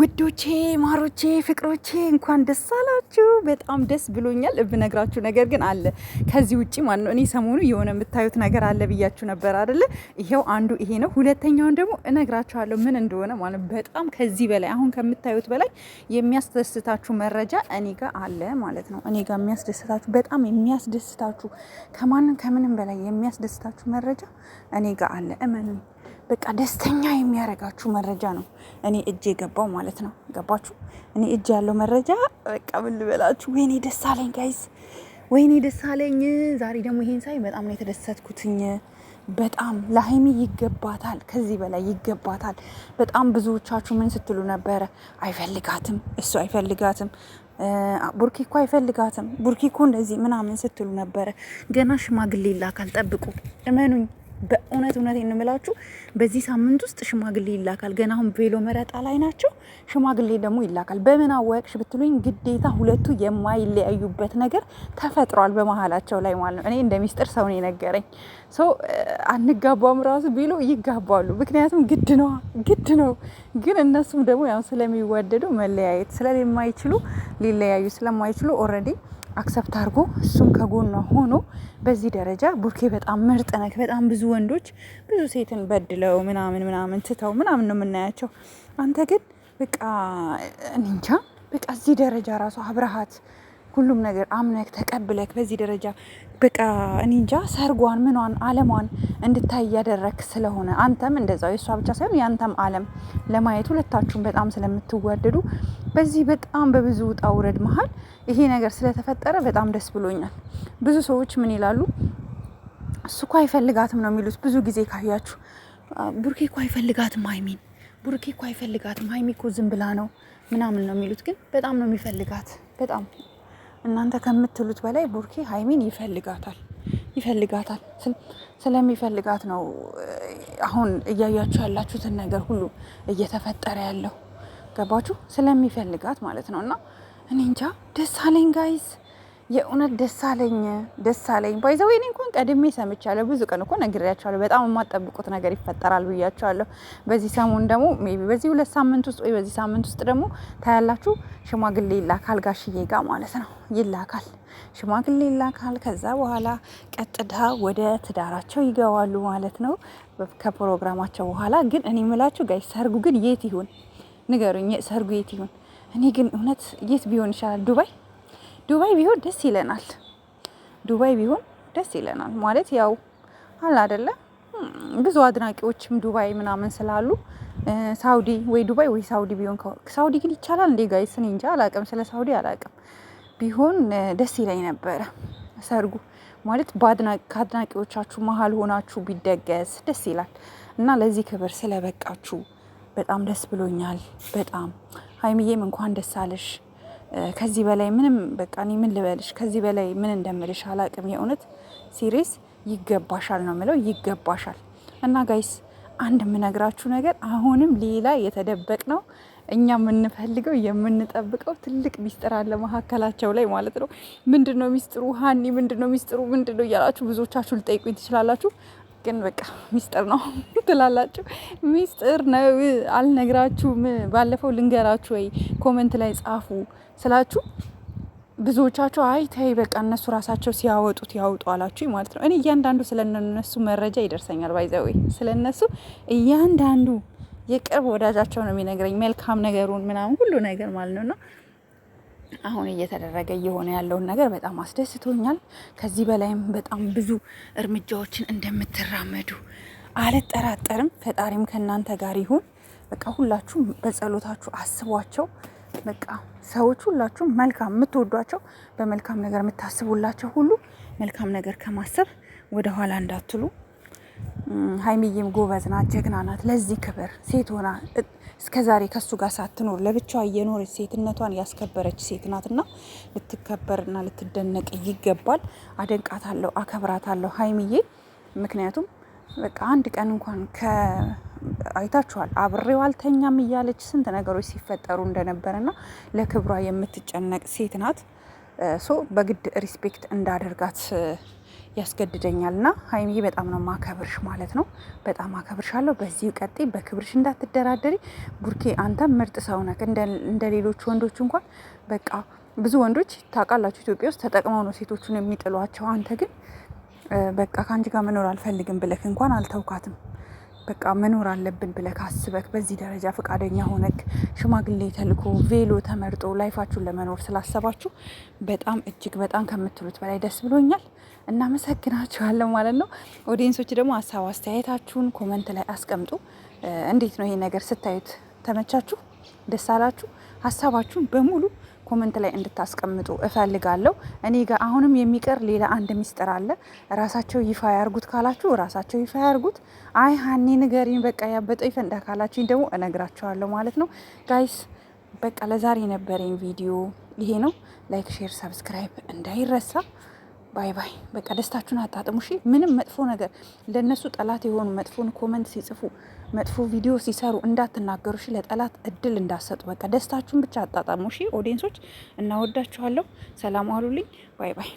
ውዶቼ ማሮቼ ፍቅሮቼ እንኳን ደስ አላችሁ። በጣም ደስ ብሎኛል። እብነግራችሁ ነገር ግን አለ ከዚህ ውጭ ማለት ነው። እኔ ሰሞኑ የሆነ የምታዩት ነገር አለ ብያችሁ ነበር አደለ? ይሄው አንዱ ይሄ ነው። ሁለተኛውን ደግሞ እነግራችኋለሁ ምን እንደሆነ ማለት በጣም ከዚህ በላይ አሁን ከምታዩት በላይ የሚያስደስታችሁ መረጃ እኔ ጋር አለ ማለት ነው። እኔ ጋር የሚያስደስታችሁ በጣም የሚያስደስታችሁ ከማንም ከምንም በላይ የሚያስደስታችሁ መረጃ እኔ ጋር አለ እመኑ። በቃ ደስተኛ የሚያደርጋችሁ መረጃ ነው እኔ እጅ የገባው ማለት ነው። ገባችሁ? እኔ እጅ ያለው መረጃ በቃ ምን ልበላችሁ፣ ወይኔ ደስ አለኝ ጋይስ፣ ወይኔ ደስ አለኝ። ዛሬ ደግሞ ይሄን ሳይ በጣም ነው የተደሰትኩትኝ። በጣም ለሀይሚ ይገባታል፣ ከዚህ በላይ ይገባታል። በጣም ብዙዎቻችሁ ምን ስትሉ ነበረ? አይፈልጋትም፣ እሱ አይፈልጋትም፣ ቡርኪ እኮ አይፈልጋትም፣ ቡርኪ እኮ እንደዚህ ምናምን ስትሉ ነበረ። ገና ሽማግሌ ይላካል፣ ጠብቁ፣ እመኑኝ። በእውነት እውነት እንምላችሁ በዚህ ሳምንት ውስጥ ሽማግሌ ይላካል። ገና አሁን ቬሎ መረጣ ላይ ናቸው። ሽማግሌ ደግሞ ይላካል። በምን አወቅሽ ብትሉኝ ግዴታ ሁለቱ የማይለያዩበት ነገር ተፈጥሯል በመሀላቸው ላይ ማለት ነው። እኔ እንደ ሚስጥር ሰው ነው የነገረኝ። ሰው አንጋባም ራሱ ቢሉ ይጋባሉ። ምክንያቱም ግድ ነው ግድ ነው። ግን እነሱም ደግሞ ያው ስለሚወደዱ መለያየት ስለማይችሉ ሊለያዩ ስለማይችሉ ኦልሬዲ አክሰፕት አድርጎ እሱም ከጎኗ ሆኖ በዚህ ደረጃ ቡርኬ በጣም ምርጥ ነክ። በጣም ብዙ ወንዶች ብዙ ሴትን በድለው ምናምን ምናምን ትተው ምናምን ነው የምናያቸው። አንተ ግን በቃ እንጃ በቃ እዚህ ደረጃ ራሱ አብረሃት ሁሉም ነገር አምነክ ተቀብለክ በዚህ ደረጃ በቃ እኔ እንጃ ሰርጓን ምኗን አለሟን እንድታይ እያደረክ ስለሆነ አንተም እንደዛው የእሷ ብቻ ሳይሆን የአንተም አለም ለማየት ሁለታችሁም በጣም ስለምትዋደዱ በዚህ በጣም በብዙ ውጣ ውረድ መሀል ይሄ ነገር ስለተፈጠረ በጣም ደስ ብሎኛል። ብዙ ሰዎች ምን ይላሉ? እሱ እኮ አይፈልጋትም ነው የሚሉት። ብዙ ጊዜ ካያችሁ ቡርኬ እኮ አይፈልጋትም ሀይሚን፣ ቡርኬ እኮ አይፈልጋትም ሀይሚ እኮ ዝም ብላ ነው ምናምን ነው የሚሉት። ግን በጣም ነው የሚፈልጋት በጣም እናንተ ከምትሉት በላይ ቡርኬ ሀይሚን ይፈልጋታል ይፈልጋታል ስለሚፈልጋት ነው አሁን እያያችሁ ያላችሁትን ነገር ሁሉ እየተፈጠረ ያለው ገባችሁ ስለሚፈልጋት ማለት ነው እና እኔ እንጃ ደስ አለኝ የእውነት ደሳለኝ ደሳለኝ ባይዘው እኔ እንኳን ቀድሜ ሰምቻለሁ። ብዙ ቀን እኮ ነግሬያቸዋለሁ። በጣም የማጠብቁት ነገር ይፈጠራል ብያቸዋለሁ። በዚህ ሰሞን ደግሞ ቢ በዚህ ሁለት ሳምንት ውስጥ ወይ በዚህ ሳምንት ውስጥ ደግሞ ታያላችሁ፣ ሽማግሌ ይላካል ጋሽዬ ጋ ማለት ነው። ይላካል ሽማግሌ ይላካል። ከዛ በኋላ ቀጥታ ወደ ትዳራቸው ይገባሉ ማለት ነው። ከፕሮግራማቸው በኋላ ግን እኔ ምላችሁ ጋይ ሰርጉ ግን የት ይሁን ንገሩኝ። ሰርጉ የት ይሁን? እኔ ግን እውነት የት ቢሆን ይሻላል? ዱባይ ዱባይ ቢሆን ደስ ይለናል። ዱባይ ቢሆን ደስ ይለናል ማለት ያው አለ አይደለ ብዙ አድናቂዎችም ዱባይ ምናምን ስላሉ ሳውዲ ወይ ዱባይ ወይ ሳውዲ ቢሆን ሳውዲ ግን ይቻላል እንዴ ጋይስ? እኔ እንጃ አላቅም፣ ስለ ሳውዲ አላቅም። ቢሆን ደስ ይለኝ ነበረ ሰርጉ ማለት ከአድናቂዎቻችሁ መሀል ሆናችሁ ቢደገስ ደስ ይላል። እና ለዚህ ክብር ስለበቃችሁ በጣም ደስ ብሎኛል። በጣም ሀይሚዬም እንኳን ደስ አለሽ። ከዚህ በላይ ምንም በቃ እኔ ምን ልበልሽ፣ ከዚህ በላይ ምን እንደምልሽ አላቅም። የእውነት ሲሪስ ይገባሻል ነው የምለው፣ ይገባሻል። እና ጋይስ አንድ የምነግራችሁ ነገር አሁንም ሌላ የተደበቅ ነው እኛ የምንፈልገው የምንጠብቀው ትልቅ ሚስጥር አለ መካከላቸው ላይ ማለት ነው። ምንድን ነው ሚስጥሩ? ሀኒ ምንድን ነው ሚስጥሩ? ምንድን ነው እያላችሁ ብዙዎቻችሁ ልጠይቁኝ ትችላላችሁ። ግን በቃ ሚስጥር ነው ትላላችሁ። ሚስጥር ነው አልነግራችሁም። ባለፈው ልንገራችሁ ወይ ኮመንት ላይ ጻፉ ስላችሁ ብዙዎቻቸው አይ ተይ በቃ እነሱ ራሳቸው ሲያወጡት ያውጡ አላችሁ ማለት ነው። እኔ እያንዳንዱ ስለነሱ መረጃ ይደርሰኛል። ባይዘዌ ስለነሱ እያንዳንዱ የቅርብ ወዳጃቸው ነው የሚነግረኝ መልካም ነገሩን ምናምን ሁሉ ነገር ማለት ነው። አሁን እየተደረገ እየሆነ ያለውን ነገር በጣም አስደስቶኛል። ከዚህ በላይም በጣም ብዙ እርምጃዎችን እንደምትራመዱ አልጠራጠርም። ፈጣሪም ከእናንተ ጋር ይሁን። በቃ ሁላችሁም በጸሎታችሁ አስቧቸው። በቃ ሰዎች ሁላችሁም መልካም የምትወዷቸው በመልካም ነገር የምታስቡላቸው ሁሉ መልካም ነገር ከማሰብ ወደ ኋላ እንዳትሉ ሀይሚዬም ጎበዝ ናት፣ ጀግና ናት። ለዚህ ክብር ሴት ሆና እስከዛሬ ከሱ ጋር ሳትኖር ለብቻዋ እየኖረች ሴትነቷን ያስከበረች ሴት ናትና ልትከበርና ልትደነቅ ይገባል። አደንቃታለሁ፣ አከብራታለሁ ሀይሚዬ ምክንያቱም በቃ አንድ ቀን እንኳን አይታችኋል አብሬው አልተኛም እያለች ስንት ነገሮች ሲፈጠሩ እንደነበረና ለክብሯ የምትጨነቅ ሴት ናት። ሶ በግድ ሪስፔክት እንዳደርጋት ያስገድደኛል ና ሀይሚዬ በጣም ነው ማከብርሽ ማለት ነው። በጣም አከብርሻለሁ። በዚህ ቀጤ በክብርሽ እንዳትደራደሪ። ቡርኬ አንተ ምርጥ ሰው ነክ እንደ ሌሎች ወንዶች እንኳን በቃ ብዙ ወንዶች ታውቃላችሁ ኢትዮጵያ ውስጥ ተጠቅመው ነው ሴቶቹን የሚጥሏቸው። አንተ ግን በቃ ከአንቺ ጋር መኖር አልፈልግም ብለክ እንኳን አልተውካትም። በቃ መኖር አለብን ብለህ ካስበክ በዚህ ደረጃ ፈቃደኛ ሆነክ ሽማግሌ ተልኮ ቬሎ ተመርጦ ላይፋችሁን ለመኖር ስላሰባችሁ በጣም እጅግ በጣም ከምትሉት በላይ ደስ ብሎኛል። እናመሰግናችኋለን ማለት ነው። ኦዲየንሶች ደግሞ ሀሳብ አስተያየታችሁን ኮመንት ላይ አስቀምጡ። እንዴት ነው ይሄ ነገር ስታዩት? ተመቻችሁ? ደስ አላችሁ? ሀሳባችሁን በሙሉ ኮመንት ላይ እንድታስቀምጡ እፈልጋለሁ። እኔ ጋር አሁንም የሚቀር ሌላ አንድ ሚስጥር አለ። ራሳቸው ይፋ ያርጉት ካላችሁ ራሳቸው ይፋ ያርጉት። አይ ሀኒ ንገሪን በቃ ያበጠው ይፈንዳ ካላችሁኝ ደግሞ እነግራችኋለሁ ማለት ነው። ጋይስ በቃ ለዛሬ የነበረኝ ቪዲዮ ይሄ ነው። ላይክ፣ ሼር፣ ሰብስክራይብ እንዳይረሳ። ባይ ባይ። በቃ ደስታችሁን አጣጥሙ። እሺ ምንም መጥፎ ነገር ለነሱ ጠላት የሆኑ መጥፎን ኮመንት ሲጽፉ መጥፎ ቪዲዮ ሲሰሩ እንዳትናገሩ። እሺ ለጠላት እድል እንዳትሰጡ። በቃ ደስታችሁን ብቻ አጣጣሙ። እሺ ኦዲየንሶች፣ እናወዳችኋለሁ። ሰላም አሉልኝ። ባይ ባይ።